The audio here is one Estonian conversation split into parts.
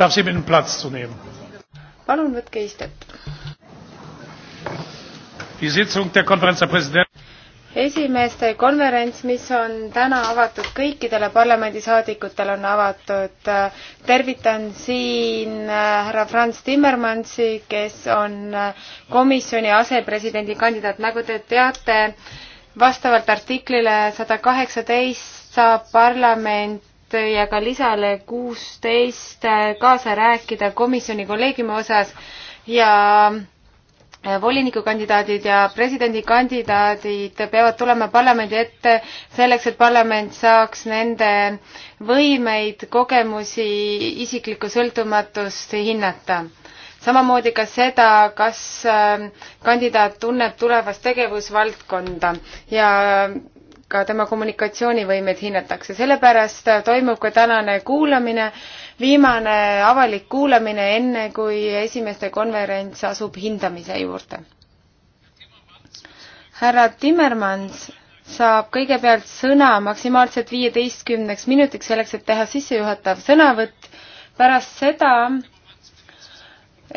darf Sie bitten, Platz zu nehmen. Palun võtke istet. Die Sitzung der Konferenz der Präsidenten esimeeste konverents, mis on täna avatud kõikidele parlamendisaadikutele, on avatud. tervitan siin äh, härra Franz Timmermansi, kes on äh, komisjoni asepresidendi kandidaat. nagu te teate, vastavalt artiklile sada kaheksateist saab parlament raport ja ka lisale kuusteist kaasa rääkida komisjoni kolleegiumi osas ja volinikukandidaadid ja presidendikandidaadid peavad tulema parlamendi ette selleks, et parlament saaks nende võimeid, kogemusi, isiklikku sõltumatust hinnata samamoodi ka seda, kas äh, kandidaat tunneb tulevast tegevusvaldkonda ja ka tema kommunikatsioonivõimet hinnatakse. sellepärast toimub ka tänane kuulamine, viimane avalik kuulamine, enne kui esimeste konverents asub hindamise juurde. härra Timmermans saab kõigepealt sõna maksimaalselt viieteistkümneks minutiks, selleks et teha sissejuhatav sõnavõtt. pärast seda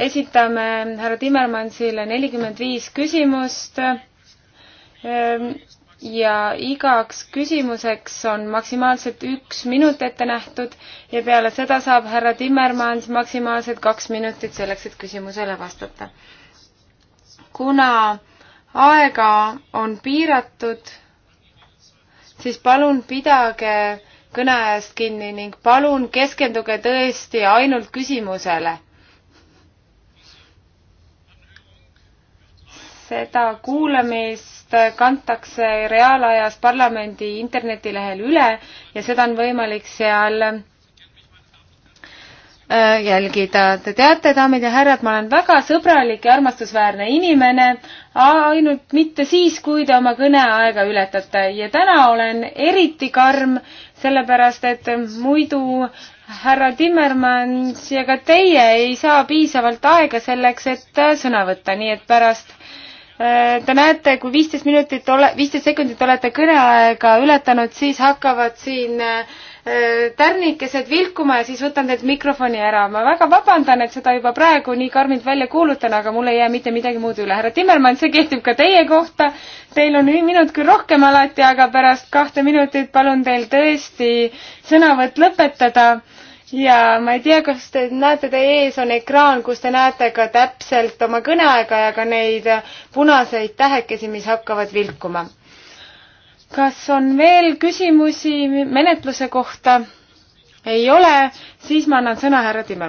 esitame härra Timmermansile nelikümmend viis küsimust ehm, ja igaks küsimuseks on maksimaalselt üks minut ette nähtud ja peale seda saab härra Timmermans maksimaalselt kaks minutit selleks, et küsimusele vastata. kuna aega on piiratud, siis palun pidage kõne ajast kinni ning palun keskenduge tõesti ainult küsimusele. seda kuulamis kantakse reaalajas parlamendi internetilehel üle ja seda on võimalik seal äh, jälgida. Te teate, daamid ja härrad, ma olen väga sõbralik ja armastusväärne inimene, ainult mitte siis, kui te oma kõneaega ületate ja täna olen eriti karm, sellepärast et muidu härra Timmermans ja ka teie ei saa piisavalt aega selleks, et äh, sõna võtta, nii et pärast Äh, te näete, kui viisteist minutit, viisteist sekundit olete kõneaega ületanud, siis hakkavad siin äh, tärnikesed vilkuma ja siis võtan teilt mikrofoni ära. ma väga vabandan, et seda juba praegu nii karmilt välja kuulutan, aga mul ei jää mitte midagi muud üle. härra Timmermann, see kehtib ka teie kohta. Teil on minut küll rohkem alati, aga pärast kahte minutit palun teil tõesti sõnavõtt lõpetada ja ma ei tea, kas te näete, teie ees on ekraan, kus te näete ka täpselt oma kõneaega ja ka neid punaseid tähekesi, mis hakkavad vilkuma. kas on veel küsimusi menetluse kohta? ei ole, siis ma annan sõna härra Timmermann.